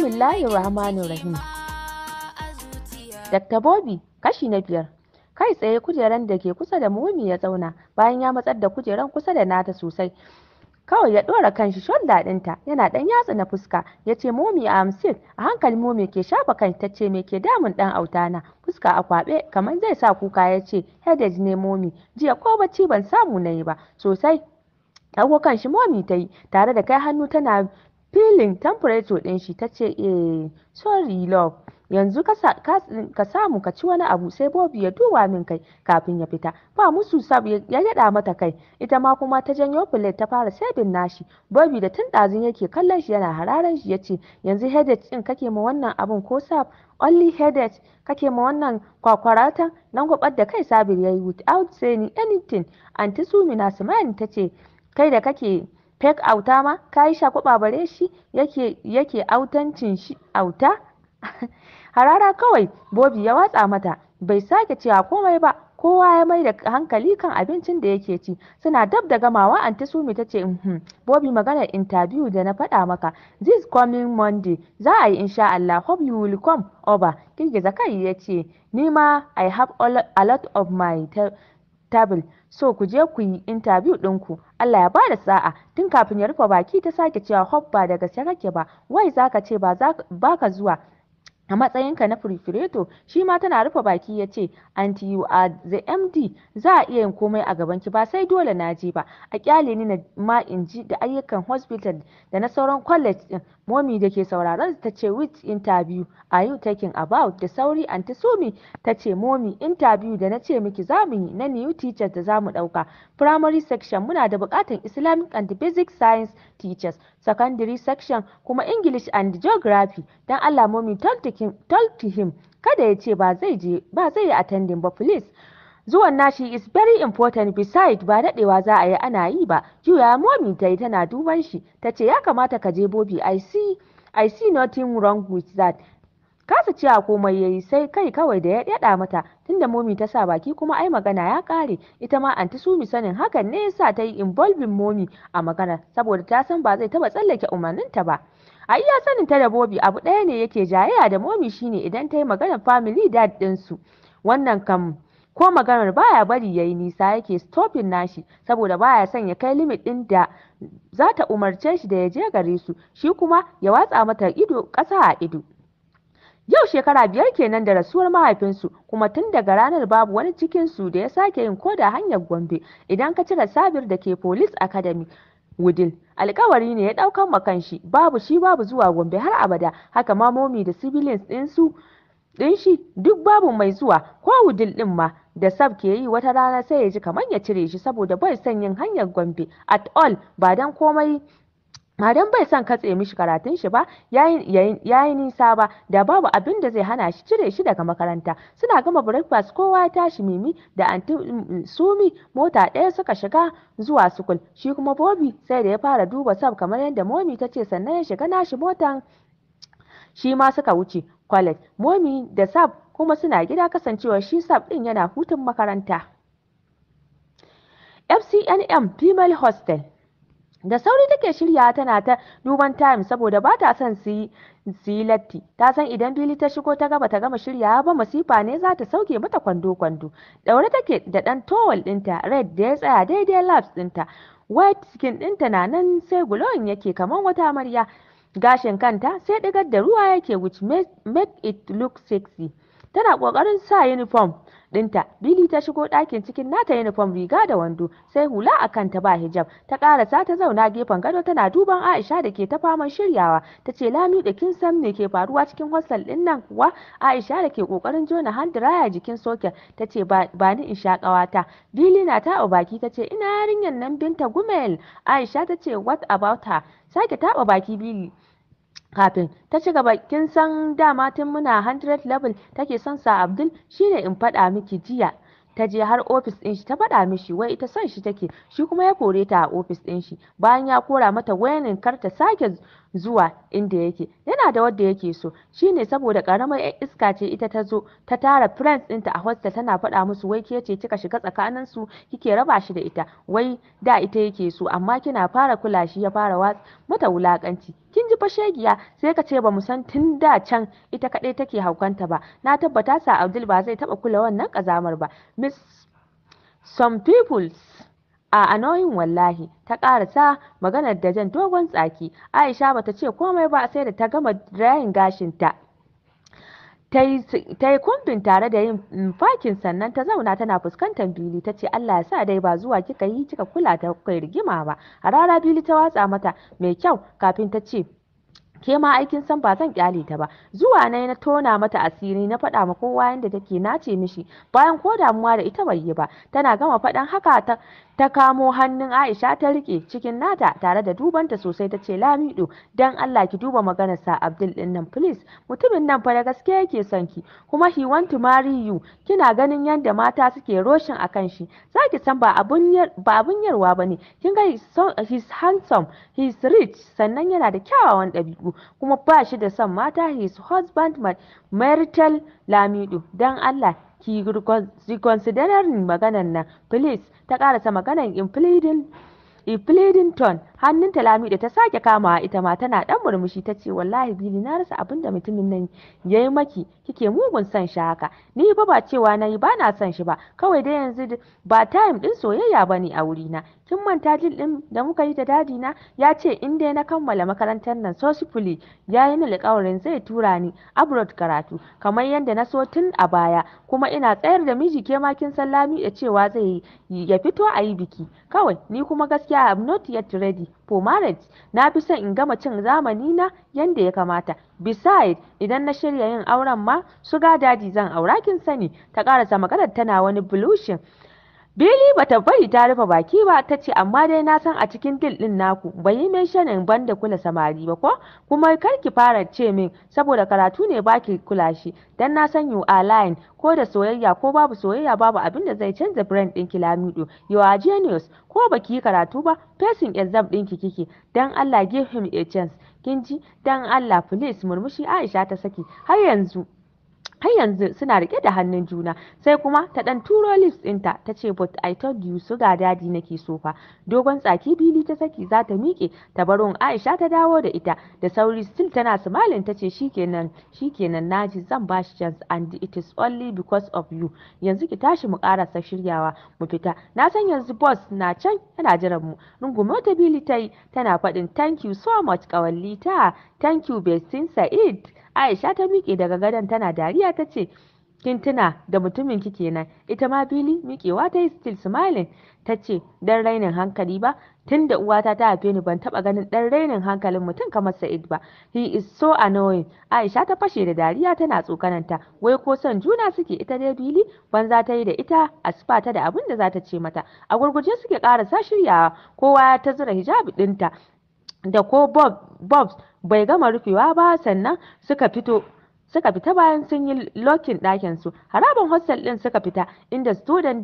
Bismillahi Rahim. Dr. Bobby, kashi na biyar. Kai tsaye kujeran da ke kusa da muhimmi ya zauna bayan ya matsar da kujeran kusa da nata sosai. Kawai ya ɗora kanshi shon daɗinta yana ɗan yatsa na fuska ya ce momi a amsir a hankali momi ke shafa kan ta ce me ke damun ɗan autana fuska a kwaɓe kamar zai sa kuka ya ce headed ne momi jiya ko bacci ban samu na yi ba sosai Ɗauko kan shi momi ta yi tare da kai hannu tana Filin temperature din shi ta ce “Eh, sorry love, yanzu ka samu ka ci wani abu sai bobi ya duba min kai kafin ya fita,” ba musu Sab ya yada mata kai, ita ma kuma ta janyo plate ta fara saving nashi, bobi da tun ɗazun yake kallon shi yana hararan shi yace “Yanzu headache ɗin kake ma wannan abun ko Sab, only headache kake ma wannan nan Lanƙwabar da kai Sabir yayi, “Without saying anything,” Aunty Sumi na ta tace “Kai da kake Fake auta ma kayi shakwaba bare shi yake autancin shi auta harara kawai Bobi ya watsa mata bai sake cewa komai ba kowa ya mai da hankali kan abincin da yake ci suna dab da gamawa anti sumi ta ce mhm bobi maganar interview da na faɗa maka this coming monday za a yi insha Allah hope you will come over girgiza kai ya ce ni ma i have a lot of my Table, so ku je ku yi intabiyu ɗinku. Allah ya ba da sa'a. Tun kafin ya rufe baki ta sake cewa hop ba da gaske kake ba, wai za ka ce ba ka zuwa. a matsayinka na prefereto shi ma tana rufe baki ya ce anti you are the md za a iya yin komai a gaban ki ba sai dole na je ba a kyale ni na ma in ji da ayyukan hospital da na sauran college din Momi da ke sauraron ta ce which interview are you talking about da sauri anti Sumi ta ce Momi interview da na ce miki zamu yi na new teachers da zamu ɗauka. Primary section muna da bukatan Islamic and Basic Science teachers, secondary section kuma English and Geography. Dan Allah Momi talk to him, kada ya ce ba zai je ba zai attending ba please. Zuwan nashi is very important beside ba daɗewa za a yi ana yi ba. Juya momi ta yi tana duban shi ta ce ya kamata ka je Bobi. I see I see nothing wrong with that. Kasa cewa komai yayi sai kai kawai da ya dada mata tunda momi ta sa baki kuma ai magana ya kare ita ma anti sumi sanin hakan ne yasa ta yi involving momi a magana saboda ta san ba zai taba tsallake umarninta ba. a iya sanin ta da bobi abu ɗaya ne yake jayayya da momi shine idan ta yi maganar family dad ɗinsu wannan kam ko maganar baya bari yayi nisa yake stopping nashi saboda baya son ya kai limit ɗin da za ta umarce shi da ya je gare su shi kuma ya watsa mata ido ƙasa a ido Yau shekara biyar kenan da rasuwar mahaifinsu kuma tun daga ranar babu wani cikin su da ya sake yin ko da hanyar Gombe idan ka cire sabir da ke Police Academy. Wudil alkawari ne ya ɗaukan makanshi babu shi babu zuwa Gombe har abada haka ma momi da sibilins ɗinsu ɗin shi duk babu mai zuwa ko wudil ɗin ma da Sab ke yi wata rana sai ya ji kamar ya cire shi saboda bai son yin hanyar Gombe at all ba dan komai madan bai son katse mishi karatun shi ba ya yi nisa ba da babu abin da zai hana shi cire shi daga makaranta suna gama breakfast kowa ya tashi mimi da anti mm, mm, sumi mota ɗaya suka shiga zuwa sukul shi kuma bobi sai da ya fara duba sab kamar yadda momi ta ce sannan ya shiga nashi motan shi ma suka wuce college momi da sab kuma suna gida kasancewa shi sab din yana hutun makaranta fcnm female hostel da sauri take shirya tana ta duban time saboda ba ta son su yi latti ta san idan bili ta shigo ta gaba ta gama shirya ba masifa ne za ta sauke mata kwando kwando daure take da dan towel dinta red da ya tsaya daidai labs dinta white skin dinta na nan sai gulon yake kamar wata amarya gashin kanta sai ɗigar da ruwa yake which make it look sexy tana kokarin sa uniform dinta Billy ta shigo ɗakin cikin nata uniform riga da wando sai hula a kanta ba hijab ta karasa ta zauna gefen gado tana duban Aisha da ke ta faman shiryawa ta ce Lami da kin san me ke faruwa cikin hostel din nan kuwa Aisha da ke kokarin jona hand dryer jikin soket. ta ce ba ni in sha ƙawata. Billy na ta baki ta ce ina yarinyar nan binta Gumel Aisha ta ce what about her sake taɓa baki Billy kafin ta ci gaba kin san dama tun muna 100 level take son sa abdul shine in faɗa miki jiya ta je har ofis ɗin shi ta faɗa mishi wai ita son shi take shi kuma ya kore ta a ofis ɗin shi bayan ya kora mata wayanin kar ta sake zuwa inda yake yana da wadda yake so shine saboda karamar yan iska ce ita ta zo ta tara friends ɗinta a hostel tana faɗa musu wai ke ce kika shiga tsakanin su kike raba shi da ita wai da ita yake so amma kina fara kula shi ya fara watsa mata wulakanci kin ji fashegiya sai ka ce ba mu san tun da can ita kaɗai take haukanta ba na tabbata sa Abdul ba zai taba kula wannan kazamar ba miss some people “A'a, knowing wallahi,” ta sa maganar da jan dogon tsaki. Aisha bata ce komai ba sai da ta gama rayin gashinta. ta yi kumbin tare da yin fakin sannan ta zauna tana fuskantar bili ta ce Allah ya sa dai ba zuwa kika yi kika kula ta kai rigima ba a rara bili ta watsa mata mai kyau kafin ta ce ke ma aikin san ba zan kyale ta ba zuwa na na tona mata asiri na faɗa ma kowa yadda take nace mishi bayan ko damuwa da ita bai yi ba tana gama faɗan haka ta ta kamo hannun Aisha ta rike cikin nata tare da dubanta sosai ta ce Lamido dan Allah ki duba maganar sa Abdul din nan please mutumin nan fa da gaske yake son ki kuma he want to marry you kina ganin yanda mata suke roshin akan shi zaki san ba abun ba abun yarwa bane kin ga he's handsome he's rich sannan yana da kyawawan ɗabi'u kuma ba shi da son mata his husband marital Lamido dan Allah ki reconsidering maganan nan please ta karasa maganar in in pleading tone hannun talami da ta sake kamawa ita ma tana dan murmushi ta ce wallahi bili na rasa abin da mutumin nan ya yi maki kike mugun son shi haka ni ba ba cewa na yi ba na son shi ba kawai dai yanzu ba time din soyayya ba ne a wuri na kin manta jin din da muka yi da dadi na ya ce in dai na kammala makarantar nan sosifili ya yi alƙawarin zai tura ni abroad karatu kamar yadda na so tun a baya kuma ina tsayar da miji ke makin kin san lami da cewa zai ya fito a yi biki kawai ni kuma gaskiya I'm not yet ready formality na fi son in gama cin zamani na yanda ya kamata beside idan na shirya yin auren ma suga dadi zan aura kin sani ta karasa maganar tana wani blushin Bili bata bari ta rufe baki ba ta ce amma dai na san a cikin dil din naku bai yi mentionin in banda kula samari ba ko kuma kar ki fara ce min saboda karatu ne baki kula shi dan na san you are lying ko da soyayya ko babu soyayya babu abin da zai canza brand din Lamido you are genius ko baki yi karatu ba facing exam ki kike dan Allah give him a chance kin ji dan Allah please murmushi Aisha ta saki har yanzu har yanzu suna rike da hannun juna sai kuma ta dan turo lips dinta. ta ce but i told you suga dadi nake so fa dogon tsaki bili ta saki za ta miƙe ta baron aisha ta dawo da ita da sauri still tana smiling ta ce shikenan shikenan naji zan ba shi chance and it is only because of you yanzu ki tashi mu karasa shiryawa mu fita na san yanzu boss na can yana jiran mu rungume ta bili ta yi tana faɗin thank you so much kawallita thank you Bessin Sa'id Aisha ta miƙe daga gadon tana dariya ta ce, kin tuna da mutumin kike nan ita ma fili miƙewa ta yi still smiling ta ce dan rainin hankali ba tun da uwata ta haife ni ban taɓa ganin dan rainin hankalin mutum kamar Sa'id ba he is so annoying Aisha ta fashe da dariya tana tsokananta wai ko son juna suke ita dai bili banza ta yi da ita a sifa ta da abin da za ta ce mata a gurguje suke ƙarasa shiryawa kowa ya ta zura hijabi ɗinta da ko Bob bai gama rufewa ba sannan suka fito suka fita bayan sun yi lokin ɗakin su haraban hostel ɗin suka fita inda student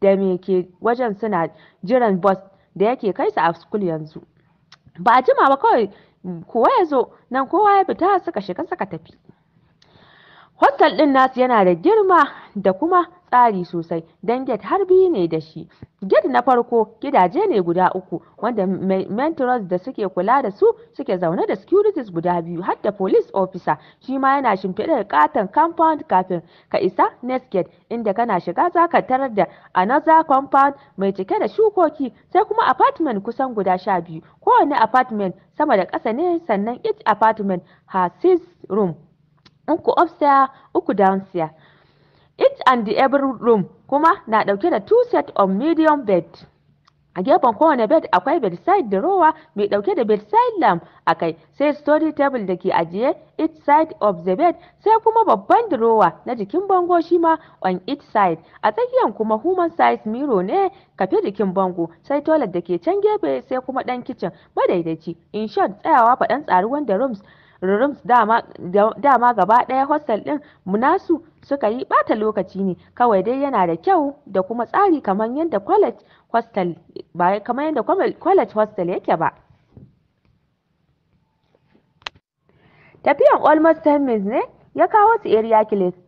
da me ke wajen suna jiran bus da yake kai su a school yanzu ba a jima ba kawai kowa ya zo nan kowa ya fita suka shiga suka tafi hostel ɗin nasu yana da girma da kuma tsari sosai don get har biyu ne da shi get na farko gidaje ne guda uku wanda mentors da suke kula da su suke zaune da securities guda biyu har da police officer shi ma yana shimfiɗar katon compound kafin ka isa next gate inda kana shiga za ka tarar da another compound mai cike da shukoki sai kuma apartment kusan guda sha biyu kowane apartment sama da ƙasa ne sannan each apartment has six room uku upstairs uku downstairs and every room kuma na ɗauke da two set of medium bed. a gefen kowane bed akwai bedside drawer mai dauke da bedside lamp a kai sai study table da ke ajiye each side of the bed sai kuma babban drawer na jikin bango shi ma on each side a tsakiyan kuma human size mirror ne kafe jikin bango sai toilet da ke can gefe sai kuma dan kitchen madaidaici in short tsayawa faɗan tsaruwan da rooms rooms dama gaba ɗaya hostel ɗin munasu suka yi bata lokaci ne kawai dai yana da kyau da kuma tsari kamar yadda college hostel ba kamar yadda college hostel yake ba tafiyan almost ten minutes ne ya kawo su area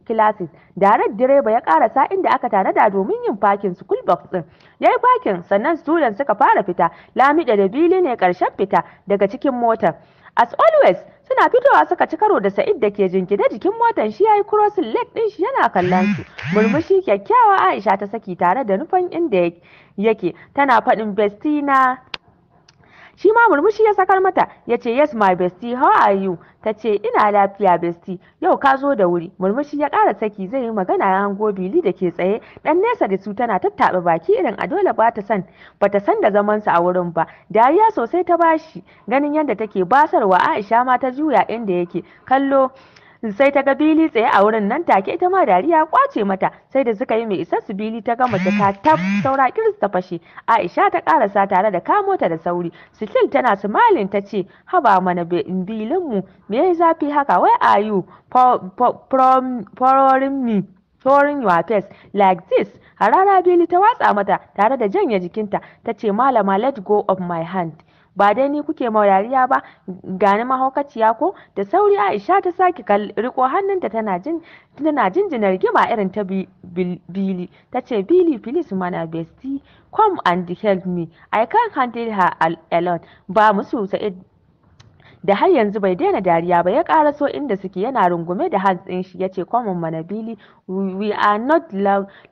classes red direba ya kara karasa inda aka tare da domin yin parking school box din ya yi parking sannan students suka fara fita lamida da bili ne karshen fita daga cikin motar As always, suna fitowa suka ci karo da Sa'id da ke jinkide jikin motan shi yayi crossing leg din shi yana kallon su. Murmushi kyakkyawa Aisha ta saki tare da nufan inda yake. Tana faɗin bestina shi ma murmushi ya sakar mata ya ce yes my bestie how are you ta ce ina lafiya bestie yau ka zo da wuri murmushi ya ƙara saki zai yi magana ya hango bili da ke tsaye Ɗan nesa da su tana tattaɓa baki irin a dole ba ta san ba ta san da zamansa a wurin ba dariya sosai ta bashi ganin yadda take basarwa aisha ma ta juya inda yake kallo sai ta ga bili tsaye a wurin nan take ita ma dariya kwace mata sai da suka yi mai isa su bili ta gama ta tab saura kiris ta fashe aisha ta karasa tare da kamo ta da sauri sikil tana sumalin ta ce haba mana bilin mu me yayi zafi haka wai ayu from mi torin your face like this harara bili ta watsa mata tare da janye jikinta ta ce malama let go of my hand ba dai ni kuke ma ba gani mahaukaciya ko da sauri Aisha ta sake riko hannunta tana jin tana gima irin ta Bili ta ce Bili please mana besti come and help me I can't handle her alone ba musu sa'id da har yanzu bai daina dariya ba ya so inda suke yana rungume da hands ɗin shi yace common manabili we are not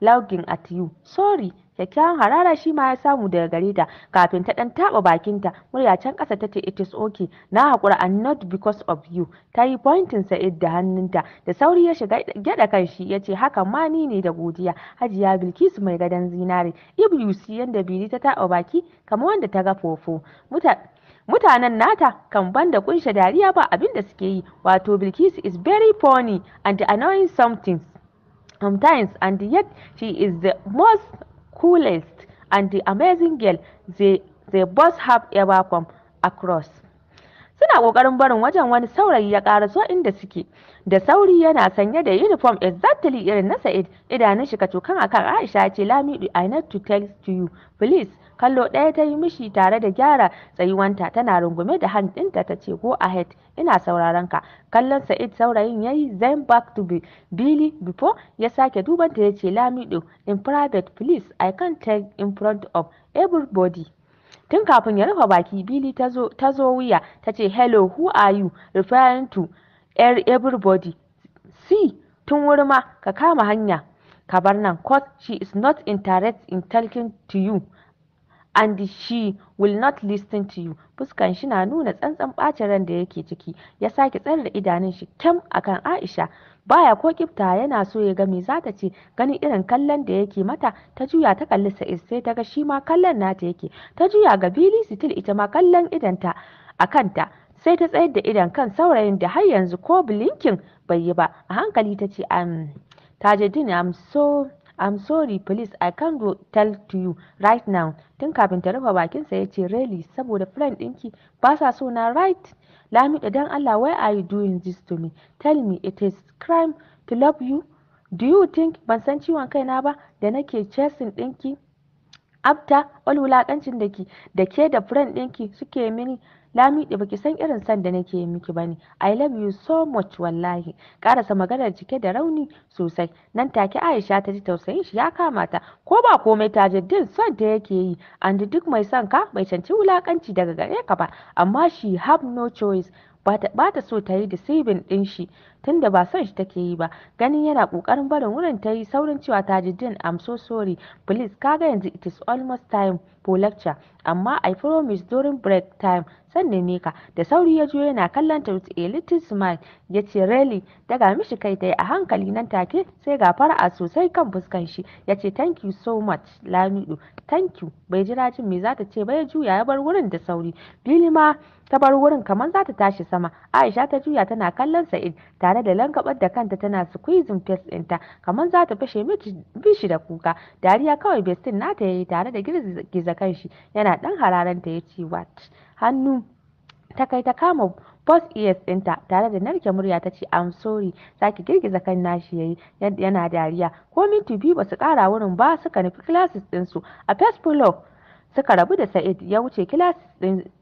logging at you sorry kyakkyawan harara shi ma ya samu daga gare ta kafin ta dan taba bakinta murya can kasa tace it is okay na hakura and not because of you ta yi pointin sa'id da hannunta da sauri ya shiga gyada kan shi ce haka ma ni ne da godiya hajiya bilkisu mai gadon zinare iblusi yanda biri ta taba baki kamar wanda ta ga fofo mutanen nata kan banda kunshe dariya ba abin da suke yi wato bilkisu is very funny and annoying something sometimes and yet she is the most coolest and the amazing girl they, they both have ever come across. Suna ƙoƙarin barin wajen wani saurayi ya so inda suke. Da sauri yana sanye da uniform exactly irin na Sa'id idanun shi tukan akan Aisha ce Lamidu I need to tell to you please kallo ɗaya ta yi mishi tare da gyara tsayuwanta tana rungume da hand ɗinta ta ce go ahead ina sauraron ka kallon sa'id saurayin ya yi zen back to be billy before ya sake dubanta ya ce lamido in private please i can't take in front of everybody tun kafin ya rufe baki billy ta zo wuya ta ce hello who are you referring to er, everybody see tun wuri ma ka kama hanya ka bar nan cause she is not interested in talking to you and she will not listen to you fuskan shi na nuna tsantsan bacin ran da yake ciki ya sake tsayar da idanun shi kyam akan Aisha baya ko kifta yana so ya ga me za ta ce ganin irin kallon da yake mata ta juya ta kalli Sa'id sai ta ga shi ma kallon nata yake ta juya ga Billy Sitil ita ma kallon idanta a kanta sai ta tsayar da idan kan saurayin da har yanzu ko blinking bai yi ba a hankali ta ce je din am so I'm sorry please I can't go tell to you right now tun kafin ta rufe bakin ya ce really saboda friend ɗinki ba sa so na right Lamido don Allah why are you doing this to me tell me it is crime to love you do you think ban san ciwon kaina ba da nake chasing ɗinki after all wulakancin da da ke da friend ɗinki suke mini miƙe baki san irin san da nake yi miki bane. I love you so much wallahi. Karasa maganar cike da rauni sosai. Nan take Aisha ta ji tausayin shi ya kama ta. Ko ba komai ta ji din son ta yake yi. And duk mai son ka bai canci wulakanci daga gare ka ba. Amma she have no choice. Ba ta so ta yi deceiving din shi. tunda ba son shi take yi ba ganin yana kokarin barin wurin ta yi saurin cewa Ta tajidin i'm so sorry please kaga yanzu it is almost time for lecture amma i promise during break time sannan ne ka da sauri ya juyo yana kallon ta with a little smile ya ce really daga mishi kai ta a hankali nan take sai ga fara'a sosai kan fuskan shi ya ce thank you so much lamido thank you bai jira jin me zata ce ba ya juya ya bar wurin da sauri bilima ta bar wurin kamar zata tashi sama aisha ta juya tana kallon sa'id tare tare da lankabar da kanta tana squeezing face ɗinta kamar za ta fashe bishi da kuka dariya kawai bestin nata yayi tare da kan kanshi yana dan hararanta ya ce wat hannu ta kai ta kama post ears ɗinta tare da narke murya ta ce I'm sorry sake girgiza kan nashi yayi yana dariya ko minti biyu basu kara wurin ba suka nufi classes dinsu a first floor suka rabu da Sa'id ya wuce classes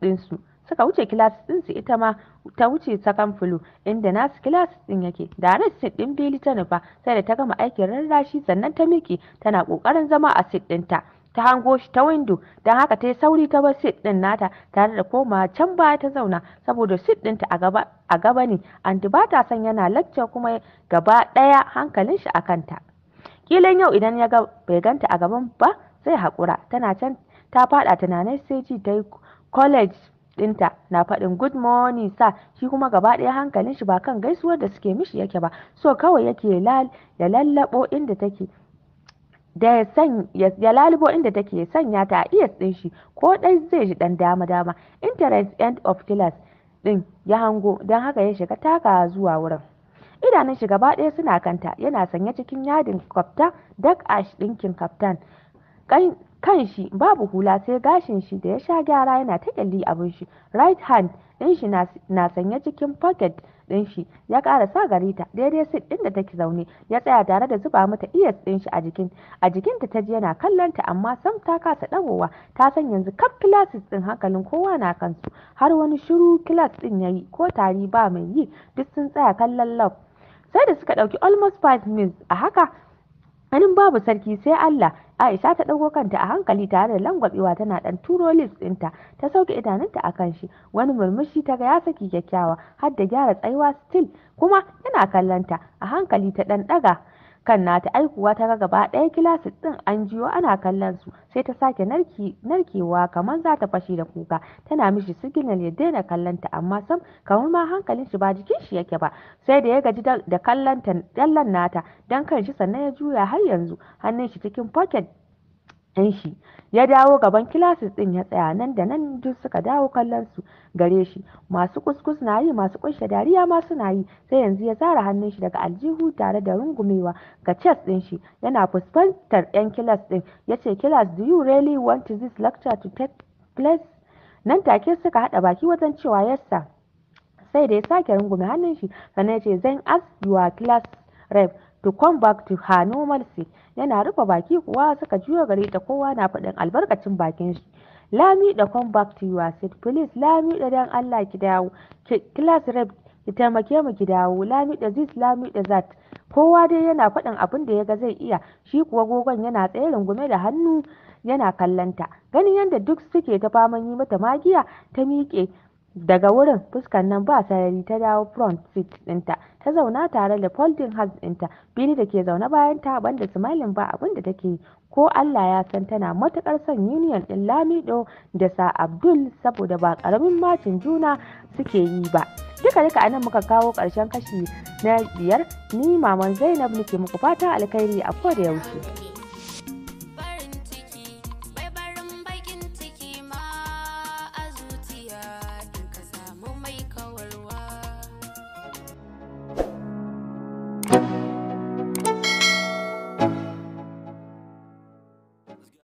ɗinsu suka wuce kilas din su ita ma ta wuce sakan fulu inda nasu kilas din yake da sit din bili ta nufa sai da ta gama aikin rarrashi sannan ta miki tana kokarin zama a sit ɗinta ta hango shi ta windo don haka ta yi sauri ta bar sit din nata tare da koma can baya ta zauna saboda sit ɗinta a gaba ne anti ba ta son yana lacca kuma gaba ɗaya hankalin shi a kanta kilan yau idan ya ga bai ganta a gaban ba zai haƙura tana can ta faɗa tunanin sai ji ta yi college ɗinta na faɗin good morning sir shi kuma gaba ɗaya hankalin shi ba kan gaisuwar da suke mishi yake ba so kawai yake ya lallabo inda take da ya san ya lalibo inda take ya sanya ta a iya ɗin shi ko dai zai ji dan dama dama interest end of class ɗin ya hango don haka ya shiga taka zuwa wurin idanun shi gaba ɗaya suna kanta yana sanye cikin yadin kwafta dak ash ɗinkin kaftan kan shi babu hula sai gashin shi da ya sha gyara yana ta kyalli abin shi right hand din shi na sanye cikin pocket din shi ya ƙara sa garita ta daidai sit din da take zaune ya tsaya tare da zuba mata iyas din shi a jikin a jikin ta ji yana kallon ta amma sam ta kasa dagowa ta san yanzu kaf classes din hankalin kowa na kansu har wani shiru class din yayi ko tari ba mai yi duk sun tsaya kallon love sai da suka ɗauki almost five minutes a haka ganin babu sarki sai Allah Aisha ta ɗago kanta a hankali tare da langwabewa tana dan turo list ɗinta ta sauke idanunta a kan shi wani murmushi ta ga ya saki kyakkyawa har da gyara tsayuwa still kuma yana kallonta a hankali ta ɗanɗaga. daga kan nata ai kuwa ta ga gaba ɗaya gilasis ɗin an jiyo ana kallon su sai ta sake narkewa kamar za ta fashe da kuka tana mishi signal ya daina kallon ta amma sam kamar ma hankalin shi ba jikin shi yake ba sai da ya gaji da kallon nata dan kan shi sannan ya juya har yanzu hannun shi cikin pocket ɗin shi ya dawo gaban kilasis din ya tsaya nan da nan duk suka dawo kallon su gare shi masu kuskus na yi masu kunshe dariya ma suna yi sai yanzu ya zara hannun shi daga aljihu tare da rungumewa ga chess ɗin shi yana fuskantar yan kilas din ya ce kilas do you really want this lecture to take place nan take suka hada baki wajen cewa yasa sai da ya sake rungume hannun shi sannan ya ce zan ask your class rep to come back to her normal yana rufe baki kuwa suka juya gare ta kowa na faɗin albarkacin bakin shi lami da come back to your seat please lami da dan Allah ki dawo class rep ki taimake mu ki dawo lami da this, lami da that!" kowa dai yana faɗin abin da ya ga zai iya shi kuwa gogon yana tsaye rungume da hannu yana kallanta ganin yadda duk suke ta faman yi mata magiya ta miƙe Daga wurin, fuskar nan ba sarari ta dawo front seat ɗinta, ta zauna tare da folding hands ɗinta, Billy da ke zaune bayan ban banda smiling ba abin da take yi, ko Allah ya san tana matuƙar son union ɗin Lamido da Sa Abdul saboda ba ƙaramin macin juna suke yi ba. Duka duka nan muka kawo ƙarshen kashi na biyar ni maman Zainab nake muku fatan alkhairi a koda yaushe.